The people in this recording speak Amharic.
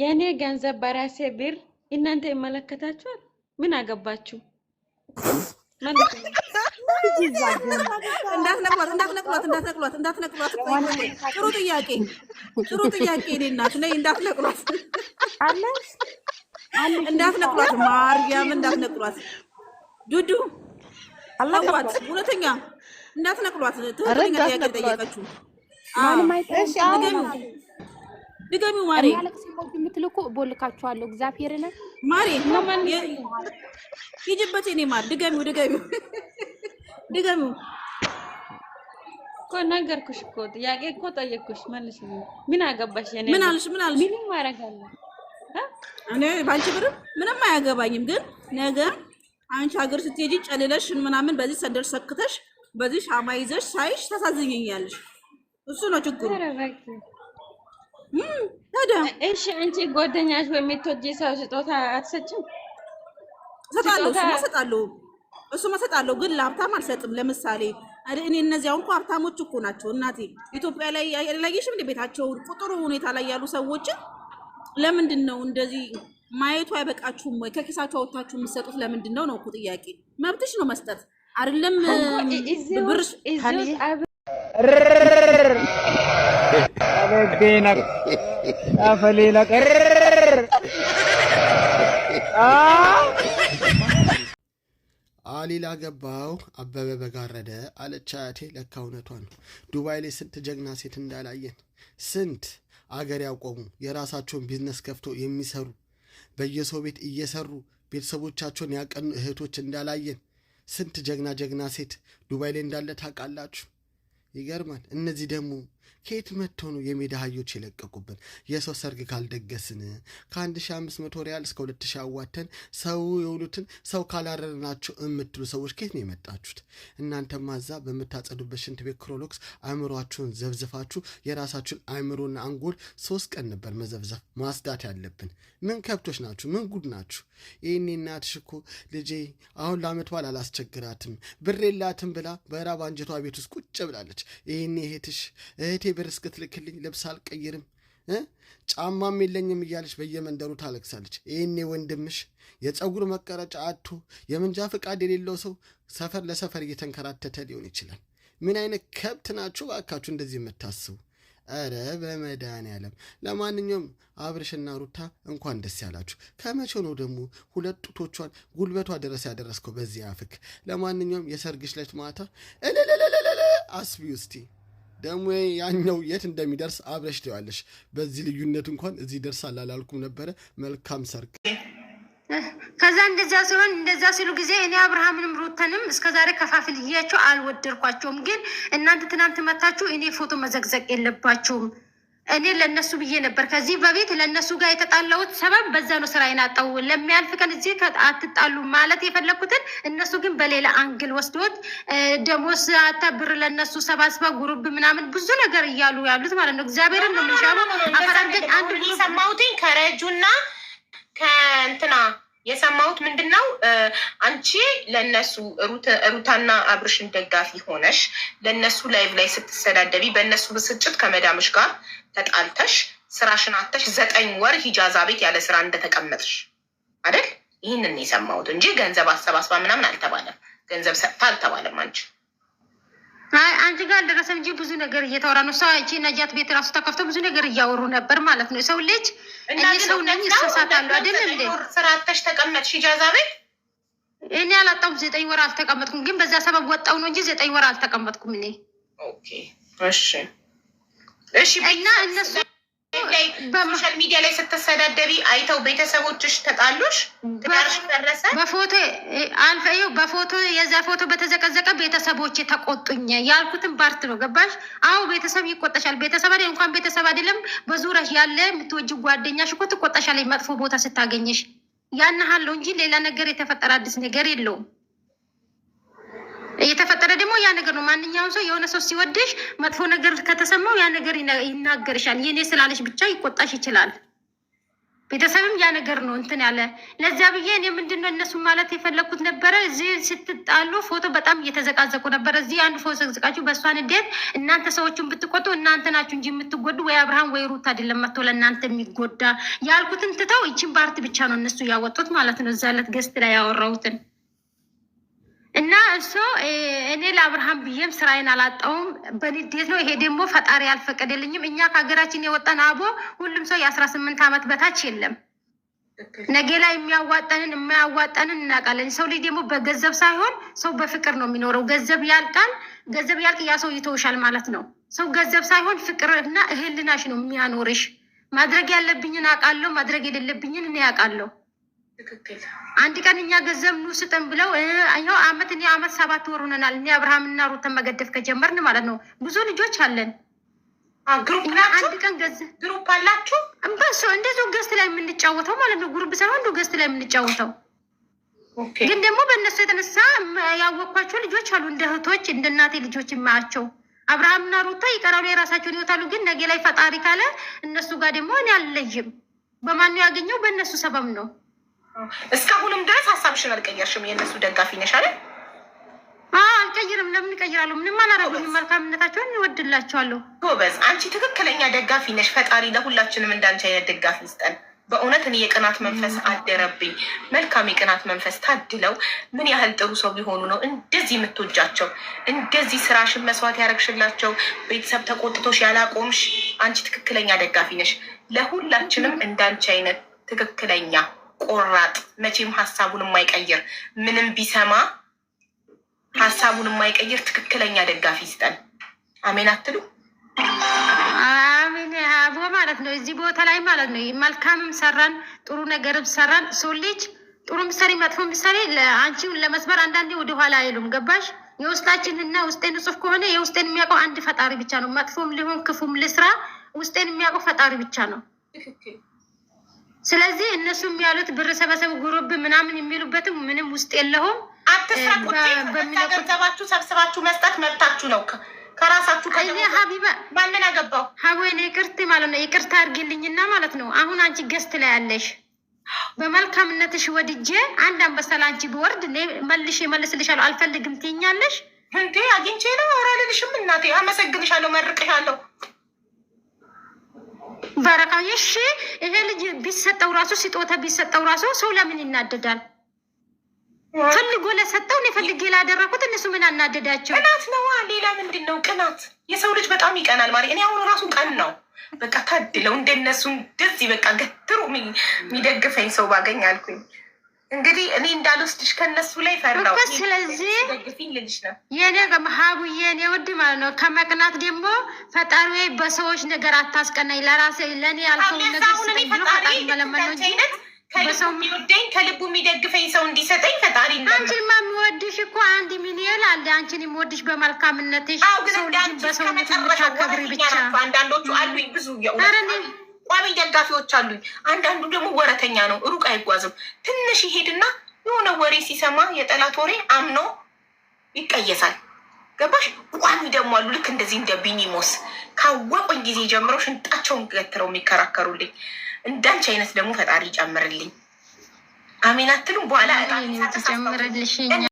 የእኔ ገንዘብ በራሴ ብር እናንተ ይመለከታችኋል? ምን አገባችሁ? እንዳትነቅሏት እንዳትነቅሏት እንዳትነቅሏት ጥሩ ጥያቄ ጥሩ ጥያቄ። እኔ እናት ነኝ። እንዳትነቅሏት እንዳትነቅሏት፣ ማርያም እንዳትነቅሏት። ዱዱ አላውቋት፣ እውነተኛ እንዳትነቅሏት። ትክክለኛ ጥያቄ ጠየቀችው። ድገሚ ማሬ። ማለቅስ ሞት የምትልኩ ቦልካችኋለሁ። እግዚአብሔር ነ ማሬ ይጅበት ኔ ማር ድገሚው፣ ድገሚው፣ ድገሚው እኮ ነገርኩሽ እኮ ጥያቄ እኮ ጠየቅኩሽ። መልሽ። ምን አገባሽ? ኔ ምን አልሽ? ምን አልሽ? ምንም አረጋለሁ እኔ ባንቺ ብር ምንም አያገባኝም። ግን ነገ አንቺ ሀገር ስትሄጂ ጨልለሽ ምናምን በዚህ ሰንደር ሰክተሽ በዚህ ሻማ ይዘሽ ሳይሽ ተሳዝኝኛለሽ። እሱ ነው ችግሩ። እሺ አንቺ ጓደኛሽ ወይ የምትወጂ ሰው ስጦታ አትሰጭም? እሰጣለሁ፣ እሱማ እሰጣለሁ፣ ግን ለሀብታም አልሰጥም። ለምሳሌ እኔ እነዚያ እንኳ ሀብታሞች እኮ ናቸው እናቴ። ኢትዮጵያ ላይ ላየሽም ቤታቸው ጥሩ ሁኔታ ላይ ያሉ ሰዎችን ለምንድን ነው እንደዚህ ማየቱ አይበቃችሁም ወይ? ከኪሳችሁ አውጥታችሁ የምትሰጡት ለምንድን ነው ነው እኮ ጥያቄ። መብትሽ ነው መስጠት አይደለም ብርሽ አሊላ ገባው አበበ በጋረደ አለች አያቴ። ለካ እውነቷ ነው። ዱባይ ላይ ስንት ጀግና ሴት እንዳላየን፣ ስንት አገር ያቆሙ የራሳቸውን ቢዝነስ ከፍቶ የሚሰሩ በየሰው ቤት እየሰሩ ቤተሰቦቻቸውን ያቀኑ እህቶች እንዳላየን፣ ስንት ጀግና ጀግና ሴት ዱባይ ላይ እንዳለ ታውቃላችሁ። ይገርማል። እነዚህ ደግሞ ከየት መጥቶ ነው የሜዳ አህዮች የለቀቁብን? የሰው ሰርግ ካልደገስን ከ መቶ ሪያል እስከ ሺ አዋተን ሰው የሆኑትን ሰው ካላረርናቸው የምትሉ ሰዎች ከየት ነው የመጣችሁት? እናንተማ እዛ በምታጸዱበት ሽንት ቤት ክሮሎክስ አእምሯችሁን ዘብዝፋችሁ የራሳችሁን አእምሮና አንጎል ሶስት ቀን ነበር መዘብዘፍ ማስዳት ያለብን። ምን ከብቶች ናችሁ? ምን ጉድ ናችሁ? ይህኔ እናትሽ እኮ ልጄ አሁን ለአመት በዓል አላስቸግራትም ብሬላትም ብላ በራብ አንጀቷ ቤት ውስጥ ቁጭ ብላለች። ይህኔ እህትሽ እህቴ ብር እስክትልክልኝ ልብስ አልቀይርም ጫማም የለኝም እያለች በየመንደሩ ታለቅሳለች። ይህኔ ወንድምሽ የፀጉር መቀረጫ አቶ የመንጃ ፈቃድ የሌለው ሰው ሰፈር ለሰፈር እየተንከራተተ ሊሆን ይችላል። ምን አይነት ከብት ናችሁ አካችሁ እንደዚህ የምታስቡ? ኧረ በመድኃኒዓለም ለማንኛውም አብርሽና ሩታ እንኳን ደስ ያላችሁ። ከመቼ ነው ደግሞ ሁለት ጡቶቿን ጉልበቷ ድረስ ያደረስከው በዚህ አፍክ? ለማንኛውም የሰርግሽ ዕለት ማታ እልልልልልል አስቢ ውስቲ ደግሞ ያኛው የት እንደሚደርስ አብረሽ ትዋለሽ። በዚህ ልዩነት እንኳን እዚህ ደርሳል አላልኩም ነበረ። መልካም ሰርግ። ከዛ እንደዚያ ሲሆን እንደዚያ ሲሉ ጊዜ እኔ አብርሃምንም ሩተንም እስከዛሬ ከፋፍል ከፋፍልያቸው አልወደድኳቸውም። ግን እናንተ ትናንት መታችሁ እኔ ፎቶ መዘግዘቅ የለባቸውም እኔ ለእነሱ ብዬ ነበር ከዚህ በፊት ለእነሱ ጋር የተጣላሁት ሰበብ በዛ ነው። ስራ ይናጣው ለሚያልፍ ቀን እዚህ አትጣሉ ማለት የፈለግኩትን እነሱ ግን በሌላ አንግል ወስዶት ደሞዝ አታ ብር ለእነሱ ሰባስባ ጉሩብ ምናምን ብዙ ነገር እያሉ ያሉት ማለት ነው። እግዚአብሔርን ነው የሚሻሉ አፈራርገኝ አንድ ሰማሁትኝ ከረጁና ከእንትና የሰማሁት ምንድን ነው አንቺ ለእነሱ ሩታና አብርሽን ደጋፊ ሆነሽ ለእነሱ ላይቭ ላይ ስትሰዳደቢ በእነሱ ብስጭት ከመዳምሽ ጋር ተጣልተሽ ስራሽን አተሽ ዘጠኝ ወር ሂጃዛ ቤት ያለ ስራ እንደተቀመጥሽ አይደል? ይህንን የሰማሁት እንጂ ገንዘብ አሰባስባ ምናምን አልተባለም። ገንዘብ ሰጥታ አልተባለም አንቺ አንቺ ጋር አልደረሰም እንጂ ብዙ ነገር እየተወራ ነው። ሰው እቺ ነጃት ቤት ራሱ ተከፍቶ ብዙ ነገር እያወሩ ነበር ማለት ነው። ሰው ልጅ እኔ ሰው ነኝ ይሳሳታሉ አይደል እንዴ? ስራ ተቀመጥሽ ጃዛ ቤት እኔ አላጣሁም። ዘጠኝ ወር አልተቀመጥኩም፣ ግን በዛ ሰበብ ወጣው ነው እንጂ ዘጠኝ ወር አልተቀመጥኩም እኔ። እሺ እሺ እና እነሱ ላይ በሶሻል ሚዲያ ላይ ስትሰዳደቢ አይተው ቤተሰቦችሽ ተጣሉሽ፣ ትዳርሽ ፈረሰ። በፎቶ አልፈው በፎቶ የዛ ፎቶ በተዘቀዘቀ ቤተሰቦች ተቆጡኝ ያልኩትን ፓርት ነው ገባሽ? አዎ ቤተሰብ ይቆጠሻል። ቤተሰብ አይደል እንኳን ቤተሰብ አይደለም በዙረሽ ያለ የምትወጅ ጓደኛሽ እኮ ትቆጠሻለች፣ መጥፎ ቦታ ስታገኘሽ። ያናሃለው እንጂ ሌላ ነገር የተፈጠረ አዲስ ነገር የለውም። የተፈጠረ ደግሞ ያ ነገር ነው። ማንኛውም ሰው የሆነ ሰው ሲወደሽ መጥፎ ነገር ከተሰማው ያ ነገር ይናገርሻል። የኔ ስላለሽ ብቻ ይቆጣሽ ይችላል። ቤተሰብም ያ ነገር ነው እንትን ያለ። ለዚያ ብዬ እኔ ምንድን ነው እነሱ ማለት የፈለግኩት ነበረ። እዚህ ስትጣሉ ፎቶ በጣም እየተዘቃዘቁ ነበረ። እዚህ አንድ ፎቶ ዘቅዝቃችሁ በእሷን እንዴት እናንተ ሰዎችን ብትቆጡ እናንተ ናችሁ እንጂ የምትጎዱ ወይ አብርሃም ወይ ሩት አይደለም መጥቶ ለእናንተ የሚጎዳ ያልኩትን ትተው ይችን ፓርት ብቻ ነው እነሱ ያወጡት ማለት ነው። እዛ ዕለት ገስት ላይ ያወራሁትን እሱ እኔ ለአብርሃም ብዬም ስራዬን አላጣውም በንዴት ነው። ይሄ ደግሞ ፈጣሪ አልፈቀደልኝም። እኛ ከሀገራችን የወጣን አቦ ሁሉም ሰው የአስራ ስምንት ዓመት በታች የለም። ነገ ላይ የሚያዋጠንን የማያዋጠንን እናውቃለን። ሰው ልጅ ደግሞ በገንዘብ ሳይሆን ሰው በፍቅር ነው የሚኖረው። ገንዘብ ያልቃል። ገንዘብ ያልቅ ያ ሰው ይተውሻል ማለት ነው። ሰው ገንዘብ ሳይሆን ፍቅርና እህልናሽ ነው የሚያኖርሽ። ማድረግ ያለብኝን አውቃለሁ፣ ማድረግ የሌለብኝን እኔ አውቃለሁ። አንድ ቀን እኛ ገንዘብ ንውስጥን ብለው ይኸው አመት እኔ አመት ሰባት ወር ሆነናል። እኔ አብርሃምና ሩተን መገደፍ ከጀመርን ማለት ነው። ብዙ ልጆች አለን። አንድ ቀን ግሩፕ አላችሁ? በሱ እንደዚ ገስት ላይ የምንጫወተው ማለት ነው። ጉሩብ ሳይሆን እንዱ ገስት ላይ የምንጫወተው ግን ደግሞ በእነሱ የተነሳ ያወቅኳቸው ልጆች አሉ። እንደ እህቶች እንደ እናቴ ልጆች የማያቸው አብርሃምና ሩታ ይቀራሉ፣ የራሳቸውን ይወታሉ ግን ነገ ላይ ፈጣሪ ካለ እነሱ ጋር ደግሞ እኔ አልለይም። በማን ያገኘው? በእነሱ ሰበብ ነው እስካሁንም ድረስ ሀሳብሽን አልቀየርሽም። የእነሱ ደጋፊ ነሽ አይደል? አልቀይርም። ለምን እቀይራለሁ? ምንም አላደረጉኝም። መልካምነታቸውን እወድላቸዋለሁ። ጎበዝ፣ አንቺ ትክክለኛ ደጋፊ ነሽ። ፈጣሪ ለሁላችንም እንዳንቺ አይነት ደጋፊ ይስጠን። በእውነት እኔ የቅናት መንፈስ አደረብኝ። መልካም የቅናት መንፈስ ታድለው። ምን ያህል ጥሩ ሰው ቢሆኑ ነው እንደዚህ የምትወጃቸው፣ እንደዚህ ስራሽን መስዋዕት ያደረግሽላቸው፣ ቤተሰብ ተቆጥቶሽ ያላቆምሽ። አንቺ ትክክለኛ ደጋፊ ነሽ። ለሁላችንም እንዳንቺ አይነት ትክክለኛ ቆራጥ፣ መቼም ሀሳቡን የማይቀይር ምንም ቢሰማ ሀሳቡን የማይቀይር ትክክለኛ ደጋፊ ይስጠን። አሜን አትሉ? አሜን አቦ ማለት ነው። እዚህ ቦታ ላይ ማለት ነው መልካምም ሰራን ጥሩ ነገርም ሰራን። ሰው ልጅ ጥሩ ምሳሌ መጥፎ ምሳሌ አንቺን ለመስበር አንዳንዴ ወደኋላ አይሉም። ገባሽ? የውስጣችንና ውስጤን ንጹፍ ከሆነ የውስጤን የሚያውቀው አንድ ፈጣሪ ብቻ ነው። መጥፎም ሊሆን ክፉም ልስራ ውስጤን የሚያውቀው ፈጣሪ ብቻ ነው። ስለዚህ እነሱ የሚያሉት ብር ሰበሰብ ጉሩብ ምናምን የሚሉበትም ምንም ውስጥ የለውም። አትስራቁባችሁ ሰብስባችሁ መስጠት መብታችሁ ነው። ከራሳችሁ ሀቢባ ማንን አገባው? ሀወይን ይቅርት ማለት ነው። ይቅርታ አድርጊልኝና ማለት ነው። አሁን አንቺ ገስት ላይ ያለሽ በመልካምነትሽ ወድጄ አንድ አንበሳ ለአንቺ ብወርድ መልሽ መልስልሻለሁ። አልፈልግም ትይኛለሽ እንዴ? አግኝቼ ነው ወራልልሽም። እናቴ አመሰግንሻለሁ፣ መርቅሻለሁ በረካ እሺ፣ ይሄ ልጅ ቢሰጠው ራሱ ሲጦታ ቢሰጠው ራሱ ሰው ለምን ይናደዳል? ፈልጎ ለሰጠው እኔ ፈልጌ ላደረኩት እነሱ ምን አናደዳቸው? ቅናት ነዋ። ሌላ ምንድን ነው ቅናት? የሰው ልጅ በጣም ይቀናል ማለት እኔ አሁኑ ራሱ ቀን ነው በቃ ታድለው እንደነሱ እንደዚህ በቃ ገትሩ የሚደግፈኝ ሰው ባገኝ አልኩኝ። እንግዲህ እኔ እንዳልወስድሽ ከነሱ ላይ ፈራሁ። ስለዚህ የኔ ሀቡ የኔ ውድ ማለት ነው። ከመቅናት ደግሞ ፈጣሪ ወይ በሰዎች ነገር አታስቀናኝ። ለራሴ ለእኔ ያልከው ነገር ፈጣሪ መለመን ነው እንጂ የሚወደኝ ከልቡ የሚደግፈኝ ሰው እንዲሰጠኝ ፈጣሪ። አንቺንማ የሚወድሽ እኮ አንድ ሚኒየል አለ። አንቺን የሚወድሽ በመልካምነትሽ ሰው ልጅ በሰውነት ብቻ ከብሪ ብቻ አንዳንዶቹ አሉኝ ብዙ ቋሚ ደጋፊዎች አሉኝ። አንዳንዱ ደግሞ ወረተኛ ነው፣ ሩቅ አይጓዝም። ትንሽ ይሄድና የሆነ ወሬ ሲሰማ የጠላት ወሬ አምኖ ይቀየሳል። ገባሽ? ቋሚ ደግሞ አሉ፣ ልክ እንደዚህ እንደ ቢኒሞስ ካወቁኝ ጊዜ ጀምሮ ሽንጣቸውን ገትረው የሚከራከሩልኝ። እንዳንቺ አይነት ደግሞ ፈጣሪ ይጨምርልኝ። አሜን አትሉም? በኋላ ጨምርልሽ